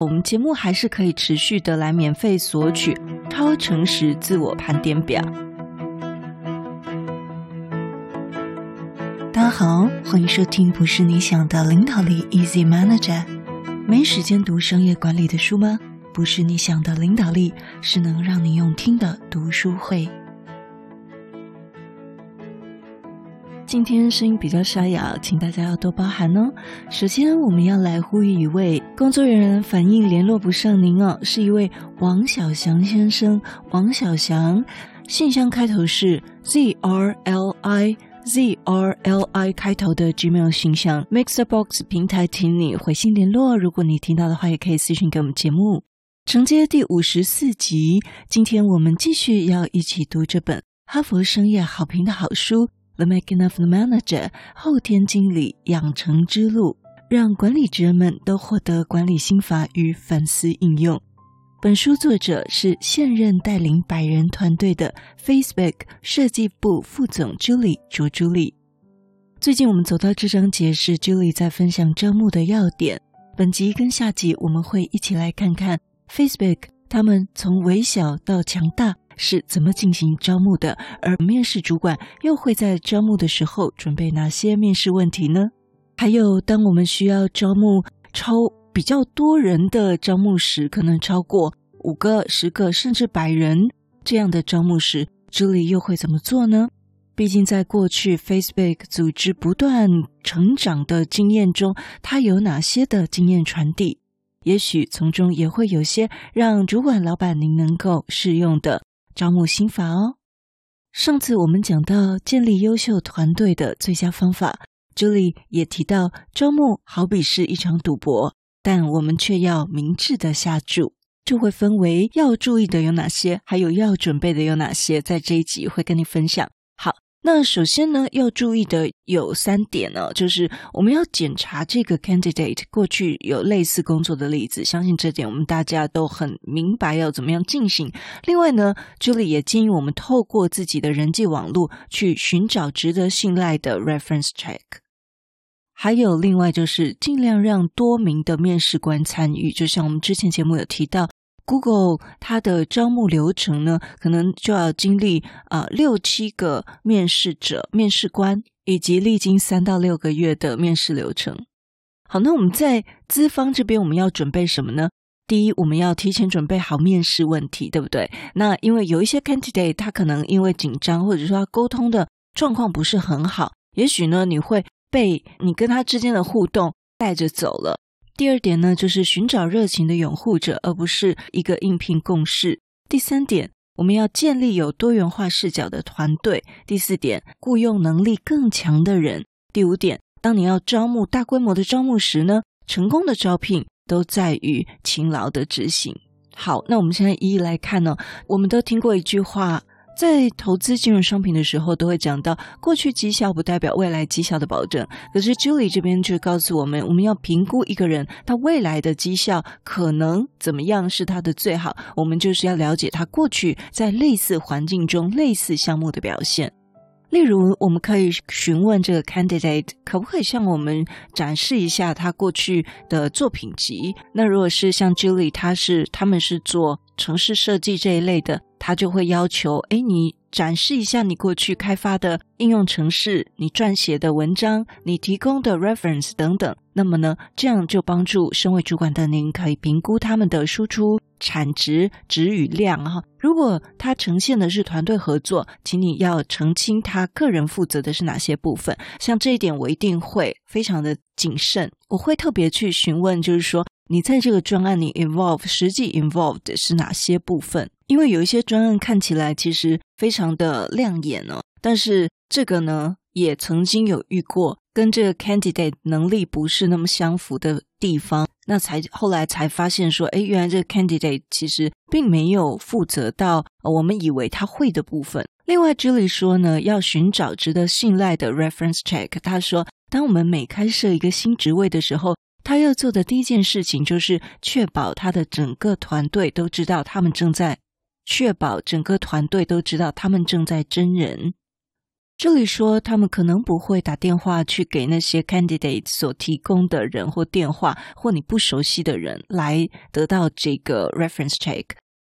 我們節目還是可以持續的來免費索取超誠實自我盤點表。大家好，歡迎收聽不是你想的領導力 Easy Manager。沒時間讀商業管理的書嗎？不是你想的領導力，是能讓你用聽的讀書會。今天聲音比較沙啞，請大家要多包涵哦。首先，我們要來呼籲一位工作人員反應聯絡不上您哦，是一位王小翔先生。王小翔信箱開頭是 z r l i z r l i 開頭的 Gmail 信箱。Mixer Box 平台，請你回信聯絡。如果你聽到的話，也可以私信給我們節目。承接第五十四集，今天我們繼續要一起讀這本哈佛深夜好評的好書。《The Making of the Manager》後天經理養成之路，讓管理職人們都獲得管理心法與反思應用。本書作者是現任帶領百人團隊的 Facebook 設計部副總 Julie 卓朱，朱莉。最近我們走到這章節是 Julie 在分享招募的要點。本集跟下集我們會一起來看看 Facebook 他們從微小到強大。是怎麼進行招募的？而面試主管又會在招募的時候準備哪些面試問題呢？還有，當我們需要招募超比較多人的招募時，可能超過五個、十個，甚至百人這樣的招募時，Julie 又會怎麼做呢？畢竟，在過去 Facebook 組織不斷成長的經驗中，它有哪些的經驗傳遞？也許從中也會有些讓主管、老闆您能夠適用的。招募心法哦。上次我們講到建立優秀團隊的最佳方法，Julie 也提到招募好比是一場賭博，但我們卻要明智地下注。就會分為要注意的有哪些，還有要準備的有哪些，在這一集會跟你分享。好。那首先呢，要注意的有三點呢、哦，就是我們要檢查這個 candidate 過去有類似工作的例子，相信這點我們大家都很明白要怎麼樣進行。另外呢，Julie 也建議我們透過自己的人際網絡去尋找值得信賴的 reference check。還有另外就是盡量讓多名的面試官參與，就像我們之前節目有提到。Google 它的招募流程呢，可能就要經歷啊、呃、六七個面試者、面試官，以及歷經三到六個月的面試流程。好，那我們在資方這邊，我們要準備什麼呢？第一，我們要提前準備好面試問題，對不對？那因為有一些 candidate 他可能因為緊張，或者說他溝通的狀況不是很好，也許呢，你會被你跟他之間的互動帶着走了。第二點呢，就是尋找熱情的擁護者，而不是一個應聘共識。第三點，我們要建立有多元化視角的團隊。第四點，僱傭能力更強的人。第五點，當你要招募大規模的招募時呢，成功的招聘都在於勤勞的執行。好，那我們現在一一來看呢、哦。我們都聽過一句話。在投資金融商品的時候，都會講到過去績效不代表未來績效的保證。可是 Julie 這邊就告訴我們，我們要評估一個人他未來的績效可能怎麼樣是他的最好，我們就是要了解他過去在類似環境中、類似項目的表現。例如，我們可以詢問這個 candidate 可不可以向我們展示一下他過去的作品集。那如果是像 Julie，他是，他們是做城市設計這一類的，他就會要求：哎，你展示一下你過去開發的應用程式，你撰寫的文章，你提供的 reference 等等。那麼呢，這樣就幫助身為主管的您可以評估他們的輸出。產值、質與量哈，如果它呈現的是團隊合作，請你要澄清他個人負責的是哪些部分。像這一點，我一定會非常的謹慎，我會特別去詢問，就是說你在這個專案裡 involve 實際 involved 是哪些部分？因為有一些專案看起來其實非常的亮眼哦，但是這個呢，也曾經有遇過。跟這個 candidate 能力不是那麼相符的地方，那才後來才發現說，誒，原來這個 candidate 其實並沒有負責到、呃、我們以為他會的部分。另外，Julie 說呢，要尋找值得信賴的 reference check。他說，當我們每開設一個新職位的時候，他要做的第一件事情就是確保他的整個團隊都知道他們正在確保整個團隊都知道他們正在徵人。這裡說，他們可能不會打電話去給那些 candidate 所提供的人或電話，或你不熟悉的人來得到這個 reference check。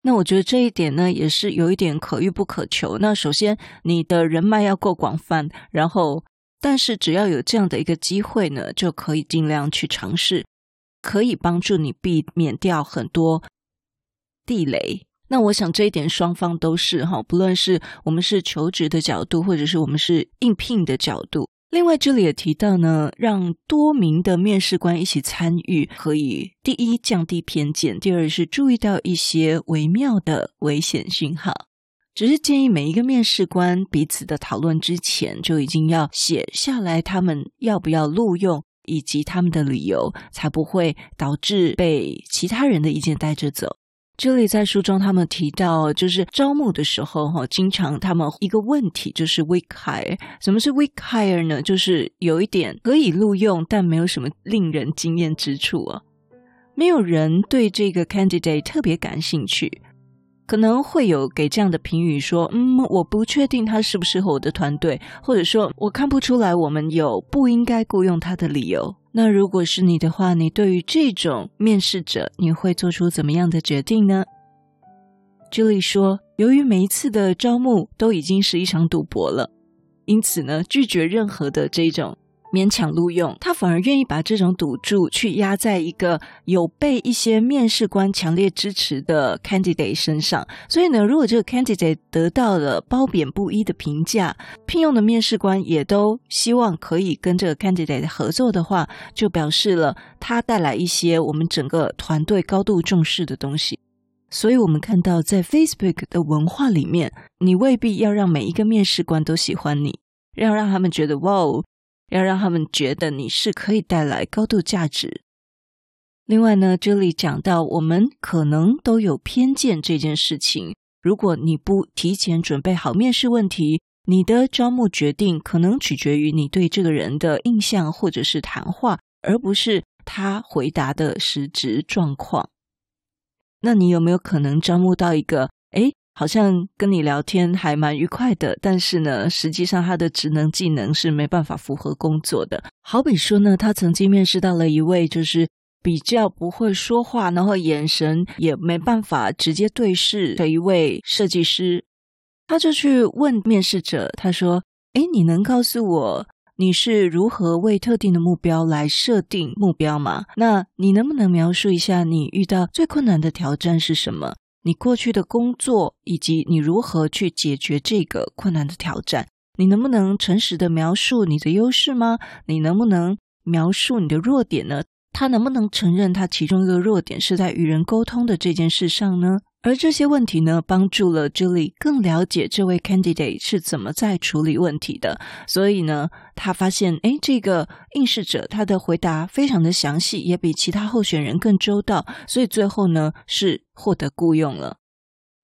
那我覺得這一點呢，也是有一點可遇不可求。那首先，你的人脈要夠廣泛，然後，但是只要有這樣的一個機會呢，就可以儘量去嘗試，可以幫助你避免掉很多地雷。那我想這一點雙方都是哈，不論是我們是求職的角度，或者是我們是應聘的角度。另外，這裡也提到呢，讓多名的面試官一起參與，可以第一降低偏見，第二是注意到一些微妙的危險訊號。只是建議每一個面試官彼此的討論之前，就已經要寫下來他們要不要錄用，以及他們的理由，才不會導致被其他人的意見帶着走。這裡在書中，他們提到，就是招募的時候，啊，哈，經常他們一個問題就是 weak hire，什麼是 weak hire 呢？就是有一點可以錄用，但沒有什麼令人驚艷之處啊，沒有人對這個 candidate 特別感興趣。可能會有給這樣的評語說，嗯，我不確定他適不適合我的團隊，或者說我看不出來我們有不應該僱傭他的理由。那如果是你的話，你對於這種面試者，你會做出怎麼樣的決定呢？朱莉說，由於每一次的招募都已經是一場賭博了，因此呢，拒絕任何的這種。勉強錄用他，反而願意把這種賭注去壓在一個有被一些面試官強烈支持的 candidate 身上。所以呢，如果這個 candidate 得到了褒貶不一的評價，聘用的面試官也都希望可以跟這個 candidate 合作的話，就表示了他帶來一些我們整個團隊高度重視的東西。所以我們看到，在 Facebook 的文化裡面，你未必要讓每一個面試官都喜歡你，要讓他們覺得哇哦。要讓他們覺得你是可以帶來高度價值。另外呢，這裡講到我們可能都有偏見這件事情。如果你不提前準備好面試問題，你的招募決定可能取決於你對這個人的印象或者是談話，而不是他回答的實質狀況。那你有沒有可能招募到一個，誒，好像跟你聊天還蠻愉快的，但是呢，實際上他的職能技能是沒辦法符合工作的。好比說呢，他曾經面試到了一位就是比較不會說話，然後眼神也沒辦法直接對視的一位設計師。他就去問面試者，他說：“哎，你能告訴我你是如何為特定的目標來設定目標嗎？那你能不能描述一下你遇到最困難的挑戰是什麼？”你過去的工作，以及你如何去解決這個困難的挑戰，你能不能誠實的描述你的優勢嗎？你能不能描述你的弱點呢？他能不能承認他其中一個弱點是在與人溝通的這件事上呢？而這些問題呢，幫助了 Julie 更了解這位 candidate 是怎麼在處理問題的。所以呢，他發現，哎，這個應試者他的回答非常的詳細，也比其他候選人更周到。所以最後呢，是獲得僱用了。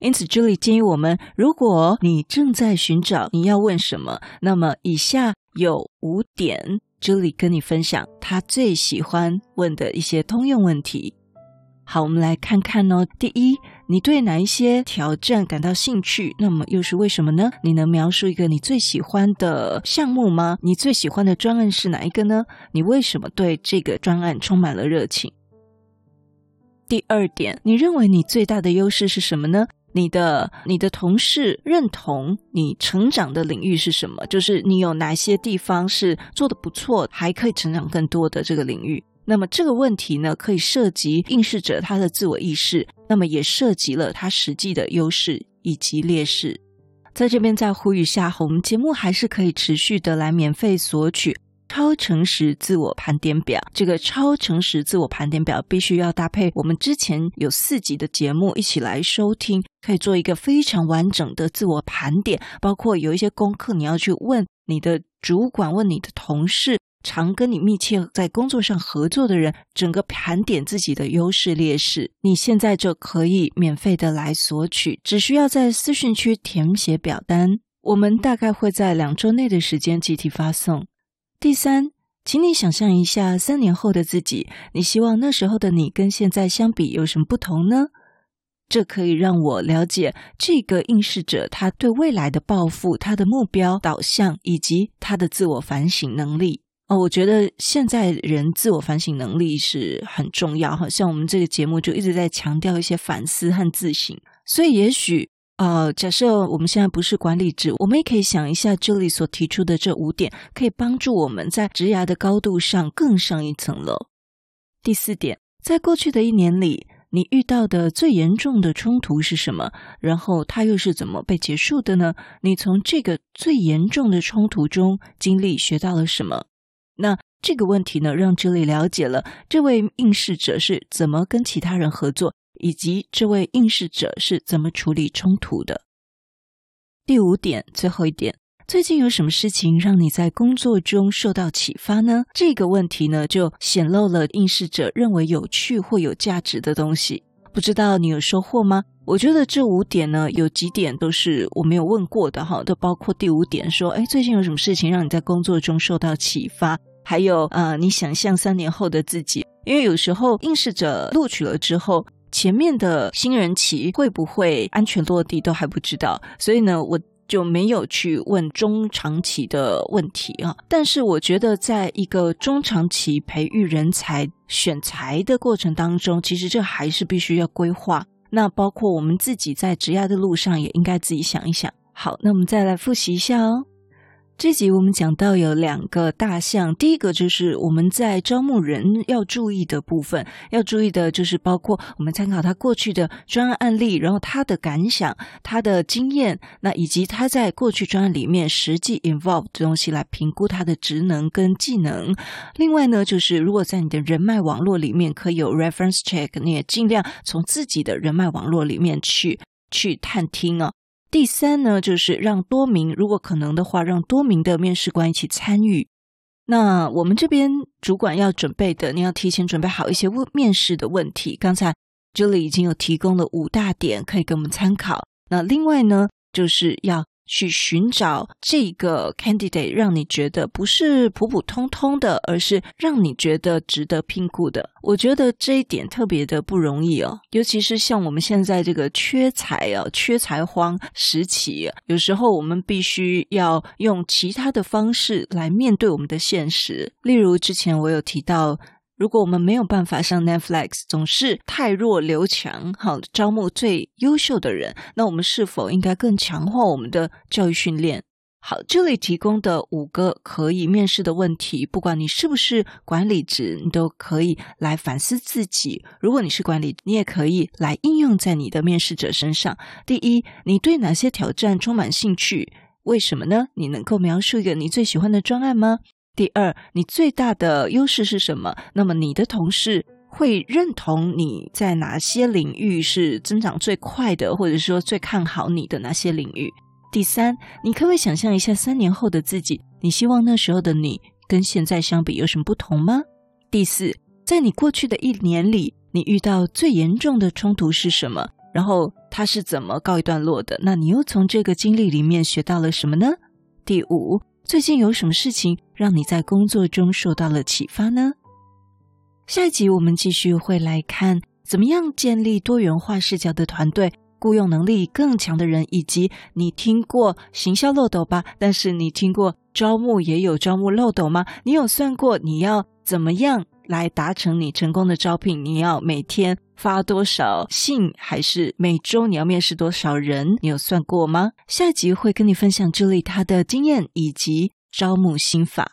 因此，Julie 建議我們，如果你正在尋找你要問什麼，那麼以下有五點，Julie 跟你分享他最喜歡問的一些通用問題。好，我們來看看哦。第一，你對哪一些挑戰感到興趣？那麼又是為什麼呢？你能描述一個你最喜歡的項目嗎？你最喜歡的專案是哪一個呢？你為什麼對這個專案充滿了熱情？第二點，你認為你最大的優勢是什麼呢？你的你的同事認同你成長的領域是什麼？就是你有哪些地方是做得不錯，還可以成長更多的這個領域。那麼這個問題呢，可以涉及應試者他的自我意識，那麼也涉及了他實際的優勢以及劣勢。在這邊再呼籲下，我們節目還是可以持續的來免費索取超誠實自我盤點表。這個超誠實自我盤點表必須要搭配我們之前有四集的節目一起來收聽，可以做一個非常完整的自我盤點，包括有一些功課你要去問你的主管，問你的同事。常跟你密切在工作上合作的人，整個盤點自己的優勢劣勢，你現在就可以免費的來索取，只需要在私訊區填寫表單，我們大概會在兩周內的時間集體發送。第三，請你想象一下三年後的自己，你希望那時候的你跟現在相比有什麼不同呢？這可以讓我了解這個應試者他對未來的抱負、他的目標導向以及他的自我反省能力。哦，我覺得現在人自我反省能力是很重要哈。像我們這個節目就一直在強調一些反思和自省，所以也許啊、呃，假設我們現在不是管理者，我們也可以想一下，這裡所提出的這五點可以幫助我們在職涯的高度上更上一層樓。第四點，在過去的一年裡，你遇到的最嚴重的衝突是什麼？然後它又是怎麼被結束的呢？你從這個最嚴重的衝突中經歷學到了什麼？那這個問題呢，讓朱莉了解了這位應試者是怎麼跟其他人合作，以及這位應試者是怎麼處理衝突的。第五點，最後一點，最近有什麼事情讓你在工作中受到啟發呢？這個問題呢，就顯露了應試者認為有趣或有價值的東西。不知道你有收穫嗎？我覺得這五點呢，有幾點都是我沒有問過的哈，都包括第五點說，說哎，最近有什麼事情讓你在工作中受到啟發？還有呃，你想象三年後的自己，因為有時候應試者錄取了之後，前面的新人期會不會安全落地都還不知道，所以呢，我。就沒有去問中長期的問題啊，但是我覺得，在一個中長期培育人才、選才的過程當中，其實這還是必須要規劃。那包括我們自己在職涯的路上，也應該自己想一想。好，那我們再來複習一下哦。這集我們講到有兩個大項，第一個就是我們在招募人要注意的部分，要注意的就是包括我們參考他過去的專案案例，然後他的感想、他的經驗，那以及他在過去專案裡面實際 involved 的東西來評估他的職能跟技能。另外呢，就是如果在你的人脈網絡裡面可以有 reference check，你也盡量從自己的人脈網絡裡面去去探聽啊、哦。第三呢，就是讓多名，如果可能的話，讓多名的面試官一起參與。那我們這邊主管要準備的，你要提前準備好一些問面試的問題。剛才這裡已經有提供了五大點可以給我們參考。那另外呢，就是要。去尋找這個 candidate，讓你覺得不是普普通通的，而是讓你覺得值得聘雇的。我覺得這一點特別的不容易哦，尤其是像我們現在這個缺才啊、缺才荒時期啊，有時候我們必須要用其他的方式來面對我們的現實。例如之前我有提到。如果我們沒有辦法像 Netflix 總是汰弱留強，好招募最優秀的人，那我們是否應該更強化我們的教育訓練？好，這裡提供的五個可以面試的問題，不管你是不是管理者，你都可以來反思自己。如果你是管理，你也可以來應用在你的面試者身上。第一，你對哪些挑戰充滿興趣？為什麼呢？你能夠描述一個你最喜歡的專案嗎？第二，你最大的優勢是什麼？那麼你的同事會認同你在哪些領域是增長最快的，或者說最看好你的哪些領域？第三，你可不可以想象一下三年後的自己？你希望那時候的你跟現在相比有什麼不同嗎？第四，在你過去的一年裡，你遇到最嚴重的衝突是什麼？然後它是怎麼告一段落的？那你又從這個經歷裡面學到了什麼呢？第五。最近有什麼事情讓你在工作中受到了啟發呢？下一集我們繼續會來看怎麼樣建立多元化視角的團隊，僱傭能力更強的人，以及你聽過行銷漏斗吧？但是你聽過招募也有招募漏斗嗎？你有算過你要怎麼樣？來達成你成功的招聘，你要每天發多少信，還是每周你要面試多少人？你有算過嗎？下集會跟你分享 Julie 她的經驗以及招募心法。